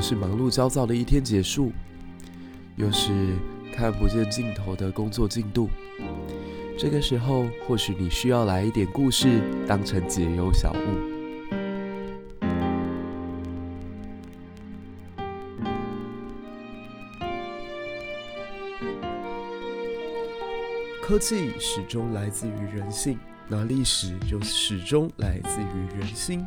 是忙碌焦躁的一天結束，又是看不見盡頭的工作進度。這個時候，或許你需要來一點故事，當成解憂小物。科技始終來自於人性，那歷史就始終來自於人心。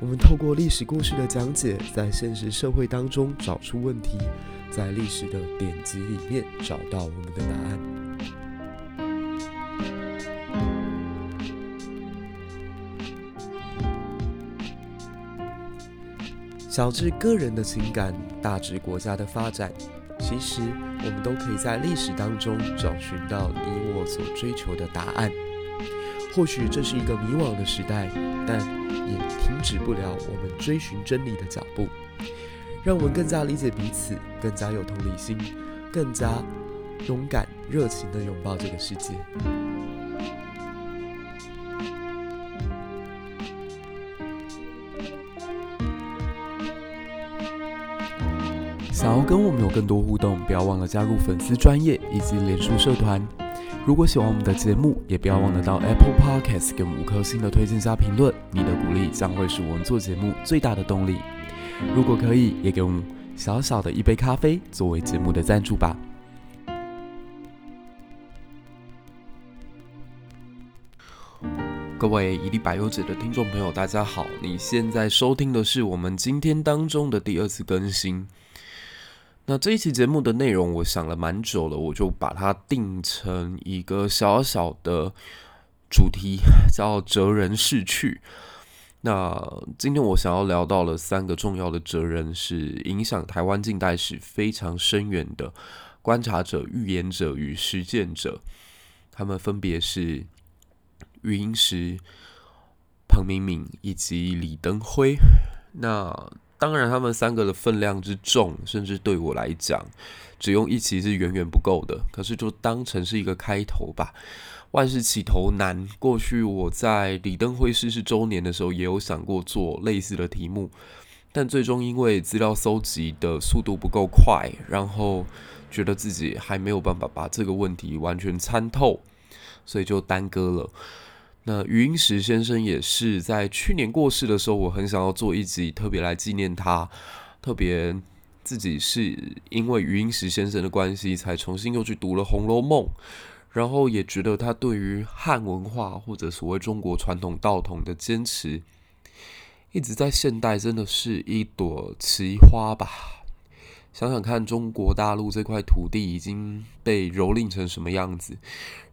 我們透過歷史故事的講解，在現實社會當中找出問題，在歷史的典籍裡面找到我們的答案。小至個人的情感，大至國家的發展，其實我們都可以在歷史當中找尋到你我所追求的答案。或許這是一個迷惘的時代，但也停止不了我們追尋真理的腳步，讓我們更加理解彼此，更加有同理心，更加勇敢、熱情的擁抱這個世界。想要跟我們有更多互動，不要忘了加入粉絲專頁以及臉書社團。如果喜歡我們的節目，也不要忘了到 Apple Podcast 給我們五顆星的推薦加評論，你的鼓勵將會是我們做節目最大的動力。如果可以，也給我們小小的一杯咖啡作為節目的贊助吧。各位一歷百憂解的聽眾朋友，大家好，你現在收聽的是我們今天當中的第二次更新。那這一期節目的內容，我想了蠻久了，我就把它定成一個小小的主題，叫“哲人逝去”。那今天我想要聊到了三個重要的哲人，是影響台灣近代史非常深遠的觀察者、預言者與實踐者。他們分別是余英時、彭明敏以及李登輝。那當然，他們三個的分量之重，甚至對我來講，只用一期是遠遠不夠的。可是，就當成是一個開頭吧。萬事起頭難。過去我在李登輝逝世週年的時候，也有想過做類似的題目，但最終因為資料搜集的速度不夠快，然後覺得自己還沒有辦法把這個問題完全參透，所以就耽擱了。那余英時先生也是在去年過世的時候，我很想要做一集特別來紀念他。特別自己是因為余英時先生的關係，才重新又去讀了《紅樓夢》，然後也覺得他對於漢文化或者所謂中國傳統道統的堅持，一直在現代真的是一朵奇花吧。想想看，中國大陸這塊土地已經被蹂躪成什麼樣子，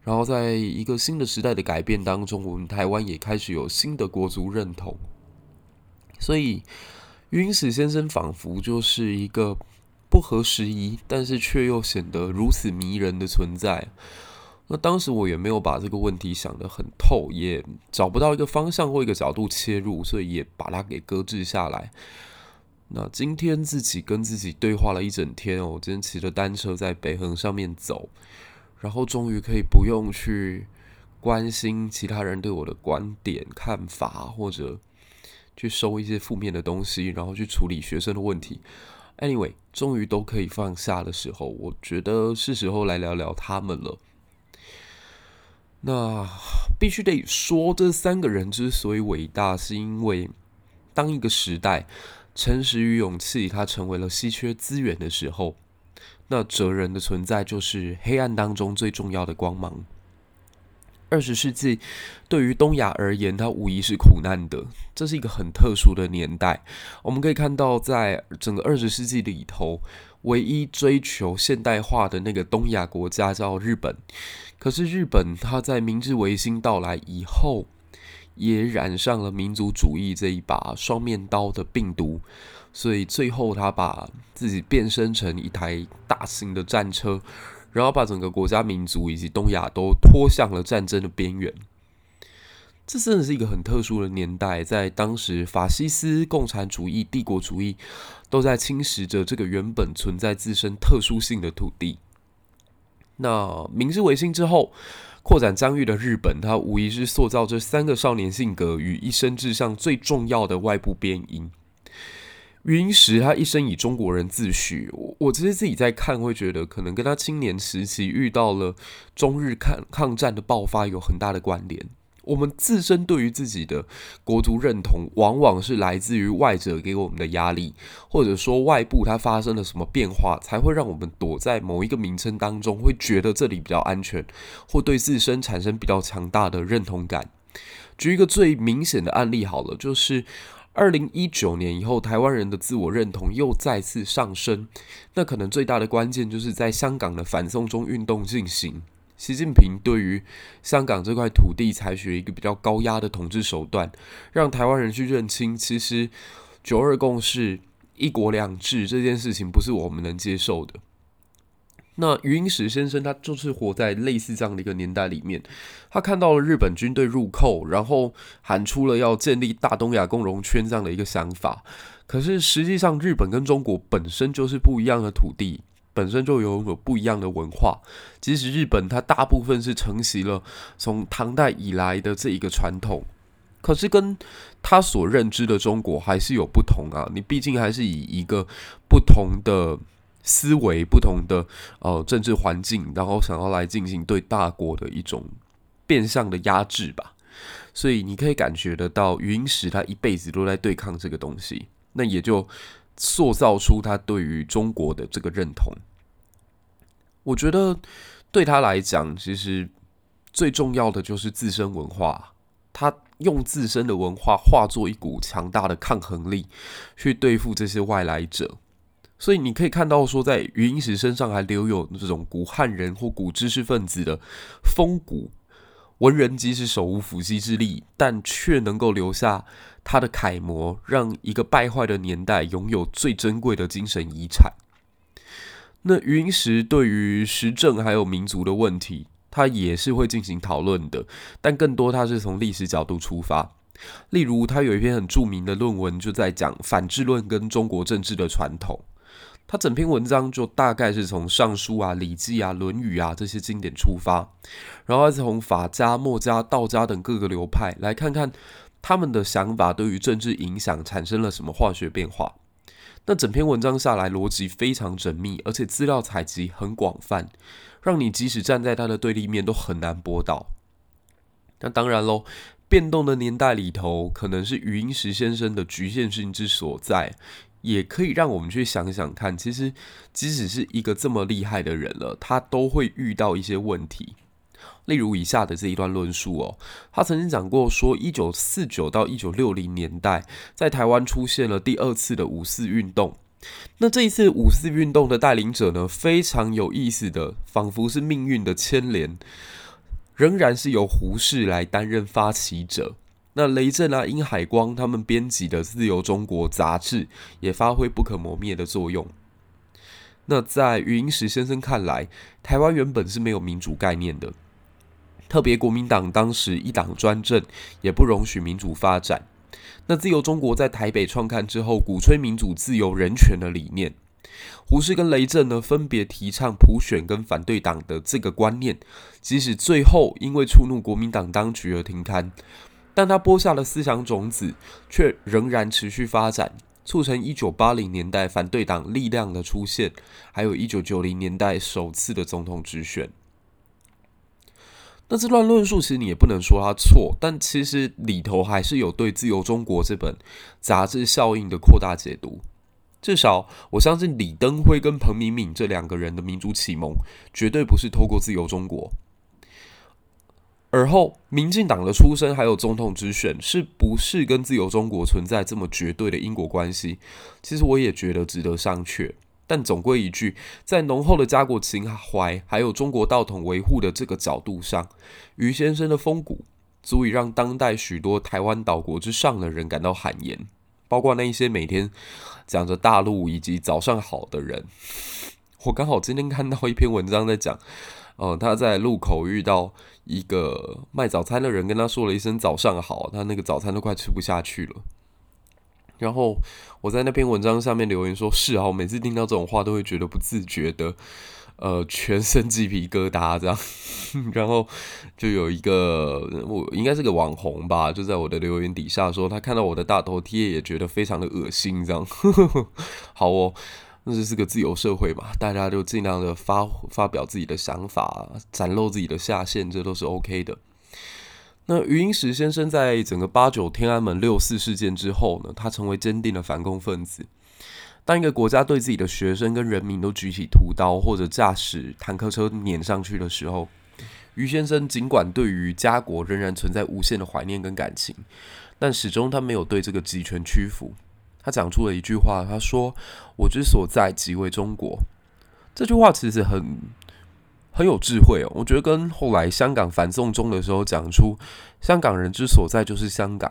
然後在一個新的時代的改變當中，我們台灣也開始有新的國族認同，所以英時先生仿佛就是一個不合時宜，但是卻又顯得如此迷人的存在。那當時我也沒有把這個問題想得很透，也找不到一個方向或一個角度切入，所以也把它給擱置下來。那今天自己跟自己對話了一整天哦。我今天騎着單車在北橫上面走，然後終於可以不用去關心其他人對我的觀點、看法，或者去收一些負面的東西，然後去處理學生的問題。Anyway，終於都可以放下的時候，我覺得是時候來聊聊他們了。那必須得說，這三個人之所以偉大，是因為當一個時代，誠實與勇氣，它成為了稀缺資源的時候，那哲人的存在就是黑暗當中最重要的光芒。二十世紀對於東亞而言，它無疑是苦難的，這是一個很特殊的年代。我們可以看到，在整個二十世紀裡頭，唯一追求現代化的那個東亞國家叫日本，可是日本它在明治維新到來以後。也染上了民族主義這一把雙面刀的病毒，所以最後他把自己變身成一台大型的戰車，然後把整個國家、民族以及東亞都拖向了戰爭的邊緣。這真的是一個很特殊的年代，在當時，法西斯、共產主義、帝國主義都在侵蝕着這個原本存在自身特殊性的土地。那明治維新之後。擴展疆域的日本，它無疑是塑造這三個少年性格與一生志向最重要的外部變因。余英時他一生以中國人自詡，我我其實自己在看，會覺得可能跟他青年時期遇到了中日抗抗戰的爆發有很大的關聯。我們自身對於自己的國族認同，往往是來自於外界給我們的壓力，或者說外部它發生了什麼變化，才會讓我們躲在某一個名稱當中，會覺得這裡比較安全，或對自身產生比較強大的認同感。舉一個最明顯的案例好了，就是二零一九年以後，台灣人的自我認同又再次上升，那可能最大的關鍵就是在香港的反送中運動進行，習近平對於香港這塊土地採取一個比較高壓的統治手段，讓台灣人去認清，其實九二共識、一國兩制這件事情不是我們能接受的。那余英時先生他就是活在類似這樣的一個年代裡面，他看到了日本軍隊入寇，然後喊出了要建立大東亞共榮圈這樣的一個想法，可是實際上日本跟中國本身就是不一樣的土地。本身就有不一樣的文化，即使日本，它大部分是承襲了從唐代以來的這一個傳統，可是跟他所認知的中國還是有不同啊！你畢竟還是以一個不同的思維、不同的呃政治環境，然後想要來進行對大國的一種變相的壓制吧。所以你可以感覺得到，余英時他一輩子都在對抗這個東西，那也就。塑造出他對於中國的這個認同，我覺得對他來講，其實最重要的就是自身文化。他用自身的文化化作一股強大的抗衡力，去對付這些外來者。所以你可以看到，說在余英時身上還留有這種古漢人或古知識分子的風骨。文人即使手無縛雞之力，但卻能夠留下他的楷模，讓一個敗壞的年代擁有最珍貴的精神遺產。那余英時對於時政還有民族的問題，他也是會進行討論的，但更多他是從歷史角度出發。例如，他有一篇很著名的論文，就在講反智論跟中國政治的傳統。他整篇文章就大概是從《尚書》啊、《禮記》啊、《論語》啊這些經典出發，然後還是從法家、墨家、道家等各個流派來看看他們的想法對於政治影響產生了什麼化學變化。那整篇文章下來邏輯非常縝密，而且資料採集很廣泛，讓你即使站在他的對立面都很難駁倒。那當然嘍，變動的年代裡頭，可能是余英時先生的局限性之所在。也可以讓我們去想想看，其實即使是一個這麼厲害的人了，他都會遇到一些問題。例如以下的這一段論述哦、喔，他曾經講過說，一九四九到一九六零年代，在台灣出現了第二次的五四運動。那這一次五四運動的帶領者呢，非常有意思的，仿佛是命運的牽連，仍然是由胡適來擔任發起者。那雷震啊、殷海光他們編輯的《自由中國》雜誌也發揮不可磨滅的作用。那在余英時先生看來，台灣原本是沒有民主概念的，特別國民黨當時一黨專政，也不容許民主發展。那《自由中國》在台北創刊之後，鼓吹民主、自由、人權的理念。胡適跟雷震呢，分別提倡普選跟反對黨的這個觀念，即使最後因為觸怒國民黨當局而停刊。但他播下的思想種子，卻仍然持續發展，促成1980年代反對黨力量的出現，還有1990年代首次的總統直選。那這段論述其實你也不能說他錯，但其實裡頭還是有對《自由中國》這本雜誌效應的擴大解讀。至少我相信李登輝跟彭明敏這兩個人的民主啟蒙，絕對不是透過《自由中國》。而後，民進黨的出身還有總統之選，是不是跟自由中國存在這麼絕對的因果關係？其實我也覺得值得商榷。但總歸一句，在濃厚的家國情懷還有中國道統維護的這個角度上，余先生的風骨足以讓當代許多台灣島國之上的人感到汗顏，包括那一些每天講着大陸以及早上好的人。我剛好今天看到一篇文章在講，嗯、呃，他在路口遇到。一個賣早餐的人跟他說了一聲早上好，他那個早餐都快吃不下去了。然後我在那篇文章下面留言說：“是啊，我每次聽到這種話都會覺得不自覺的，呃，全身雞皮疙瘩這樣。 ”然後就有一個我應該是個網紅吧，就在我的留言底下說他看到我的大頭貼也覺得非常的惡心這樣。 好哦。那這是個自由社會嘛，大家就儘量的發發表自己的想法，展露自己的下限，這都是 OK 的。那余英時先生在整個八九天安門六四事件之後呢，他成為堅定的反共分子。當一個國家對自己的學生跟人民都舉起屠刀或者駕駛坦克車碾上去的時候，余先生儘管對於家國仍然存在無限的懷念跟感情，但始終他沒有對這個極權屈服。他講出了一句話，他說：“我之所在即為中國。”這句話其實很很有智慧哦。我覺得跟後來香港反送中的時候講出“香港人之所在就是香港”，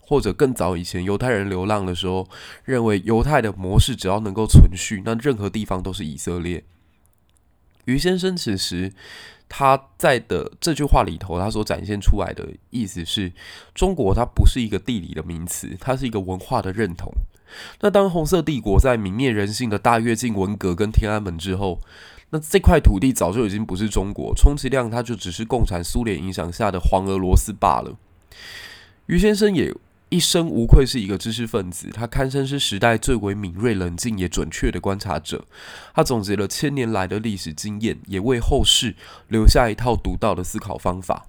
或者更早以前猶太人流浪的時候，認為猶太的模式只要能夠存續，那任何地方都是以色列。余先生此時他在的這句話裡頭，他所展現出來的意思是，中國它，不是一個地理的名詞，它是一個文化的認同。那當紅色帝國在泯滅人性的大躍進、文革跟天安門之後，那這塊土地早就已經不是中國，充其量它就只是共產蘇聯影響下的黃俄羅斯罷了。余先生也。一生無愧是一個知識分子，他堪稱是時代最為敏銳、冷靜也準確的觀察者。他總結了千年來的歷史經驗，也為後世留下一套獨到的思考方法。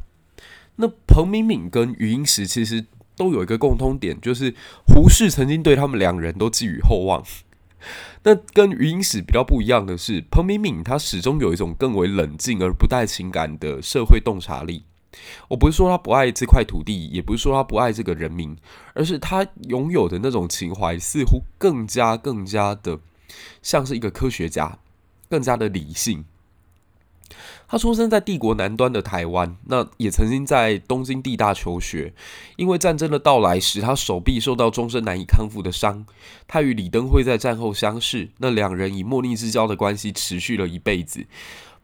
那彭明敏跟余英時其實都有一個共通點，就是胡適曾經對他們兩人都寄予厚望。 那跟余英時比較不一樣的是，彭明敏他始終有一種更為冷靜而不帶情感的社會洞察力。我不是說他不愛這塊土地，也不是說他不愛這個人民，而是他擁有的那種情懷似乎更加、更加的像是一個科學家，更加的理性。他出生在帝國南端的台灣，那也曾經在東京帝大求學。因為戰爭的到來，使他手臂受到終身難以康復的傷。他與李登輝在戰後相識，那兩人以莫逆之交的關係持續了一輩子。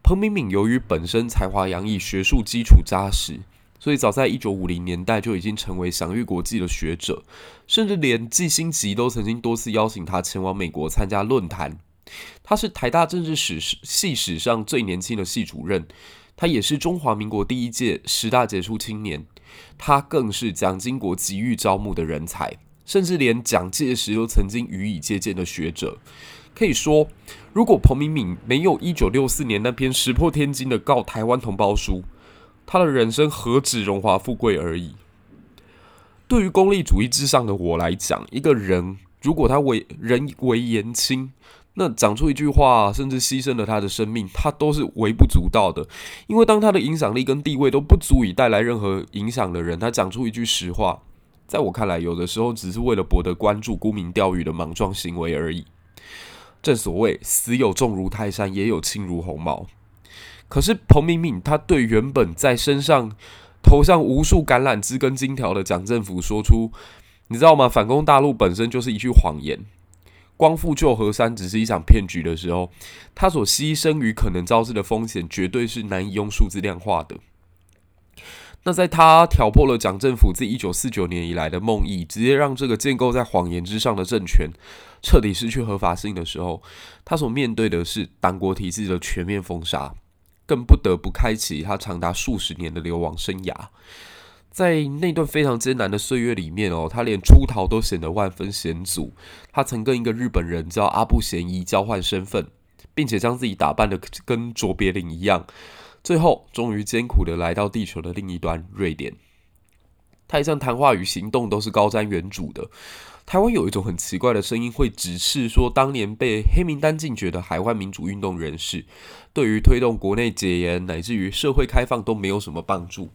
彭明敏由於本身才華洋溢、學術基礎扎實，所以早在一九五零年代就已經成為享譽國際的學者，甚至連季辛吉都曾經多次邀請他前往美國參加論壇。他是台大政治史系史上最年輕的系主任，他也是中華民國第一屆十大傑出青年，他更是蔣經國急欲招募的人才，甚至連蔣介石都曾經予以接見的學者。可以說，如果彭明敏沒有一九六四年那篇石破天驚的《告台灣同胞書》，他的人生何止榮華富貴而已。對於功利主義至上的我來講，一個人如果他為人微言輕，那講出一句話，甚至犧牲了他的生命，他都是微不足道的。因為當他的影響力跟地位都不足以帶來任何影響的人，他講出一句實話，在我看來，有的時候只是為了博得關注、沽名釣譽的莽撞行為而已。正所謂死有重如泰山，也有輕如鴻毛。可是彭明敏他對原本在身上投下無數橄欖枝跟金條的蔣政府說出：“你知道嗎？反攻大陸本身就是一句謊言，光復舊河山只是一場騙局。”的時候，他所犧牲與可能招致的風險，絕對是難以用數字量化的。那在他挑破了蔣政府自一九四九年以來的夢呓，直接讓這個建構在謊言之上的政權。徹底失去合法性的時候，他所面對的是黨國體制的全面封殺，更不得不開啟他長達數十年的流亡生涯。在那段非常艱難的歲月裡面哦，他連出逃都顯得萬分險阻。他曾跟一個日本人叫阿部賢一交換身份，並且將自己打扮得跟卓別林一樣，最後終於艱苦地來到地球的另一端瑞典。他一向談話與行動都是高瞻遠矚的。台灣有一種很奇怪的聲音，會指斥說當年被黑名單禁絕的海外民主運動人士，對於推動國內解嚴乃至於社會開放都沒有什麼幫助。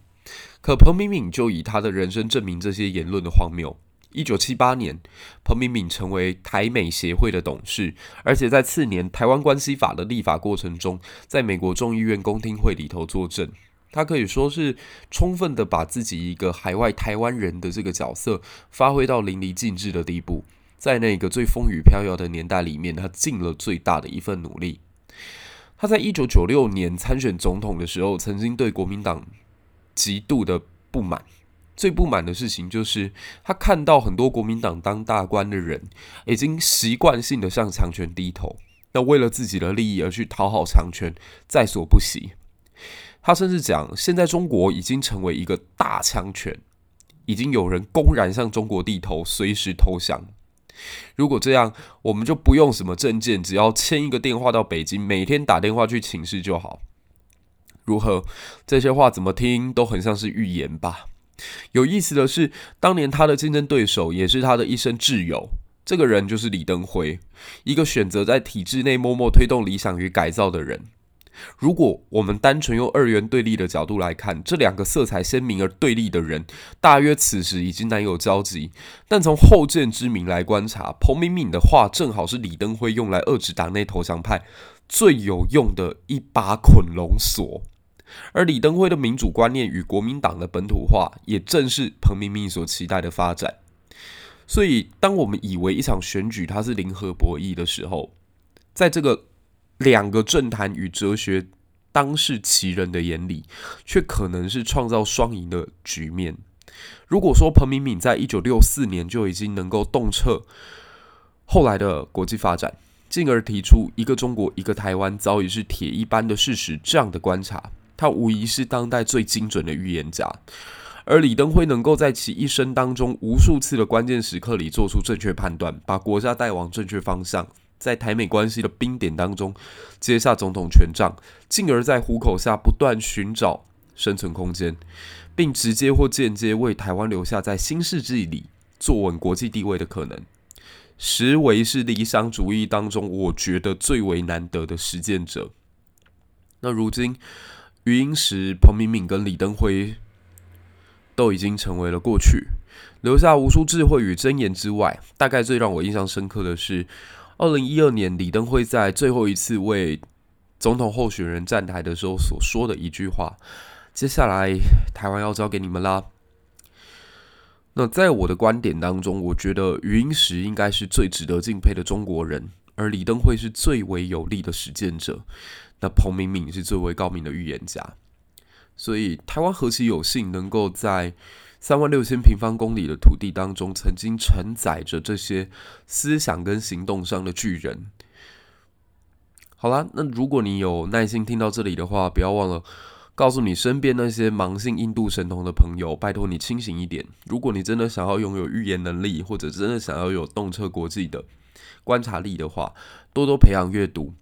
可彭明敏就以他的人生證明這些言論的荒謬。一九七八年，彭明敏成為台美協會的董事，而且在次年台灣關係法的立法過程中，在美國眾議院公聽會裡頭作證。他可以說是充分的把自己一個海外台灣人的這個角色發揮到淋漓盡致的地步，在那個最風雨飄搖的年代裡面，他盡了最大的一份努力。他在一九九六年參選總統的時候，曾經對國民黨極度的不滿，最不滿的事情就是他看到很多國民黨當大官的人已經習慣性的向強權低頭，那為了自己的利益而去討好強權，在所不惜。他甚至講，現在中國已經成為一個大強權，已經有人公然向中國低頭，隨時投降。如果這樣，我們就不用什麼政見，只要簽一個電話到北京，每天打電話去請示就好。如何？這些話怎麼聽都很像是預言吧。有意思的是，當年他的競爭對手，也是他的一生摯友，這個人就是李登輝，一個選擇在體制內默默推動理想與改造的人。如果我們單純用二元對立的角度來看，這兩個色彩鮮明而對立的人，大約此時已經難有交集。但從後見之明來觀察，彭明敏的話正好是李登輝用來遏制黨內投降派最有用的一把捆龍索。而李登輝的民主觀念與國民黨的本土化，也正是彭明敏所期待的發展。所以，當我們以為一場選舉它是零和博弈的時候，在這個。兩個政壇與哲學當世奇人的眼裡，卻可能是創造雙贏的局面。如果說彭明敏在一九六四年就已經能夠洞徹後來的國際發展，進而提出“一個中國，一個台灣”早已是鐵一般的事實這樣的觀察，他無疑是當代最精準的預言家。而李登輝能夠在其一生當中無數次的關鍵時刻裡做出正確判斷，把國家帶往正確方向。在台美關係的冰點當中，接下總統權杖，進而，在虎口下不斷尋找生存空間，並直接或間接為台灣留下在新世紀裡坐穩國際地位的可能，實為是理想主義當中我覺得最為難得的實踐者。那如今，余英時、彭明敏跟李登輝都已經成為了過去，留下無數智慧與箴言之外，大概最讓我印象深刻的是，二零一二年，李登輝在最後一次為總統候選人站台的時候所說的一句話，接下來台灣要交給你們啦。那在我的觀點當中，我覺得余英時應該是最值得敬佩的中國人，而李登輝是最為有力的實踐者，那彭明敏是最為高明的預言家。所以，台灣何其有幸，能夠在。三萬六千平方公里的土地當中，曾經承載着這些思想跟行動上的巨人。好啦，那如果你有耐心聽到這裡的話，不要忘了告訴你身邊那些盲信印度神童的朋友，拜託你清醒一點。如果你真的想要擁有預言能力，或者真的想要有洞徹國際的觀察力的話，多多培養閱讀。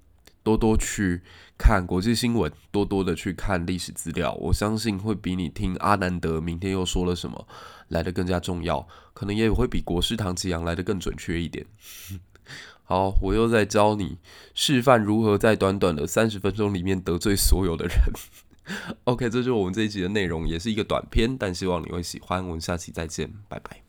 多多去看國際新聞，多多的去看歷史資料，我相信會比你聽阿南德明天又說了什麼來得更加重要，可能也會比國師唐綺陽來得更準確一點。 好，我又在教你示範如何在短短的三十分鐘裡面得罪所有的人。 OK，這就是我們這一集的內容，也是一個短片，但希望你會喜歡。我們下期再見，拜拜。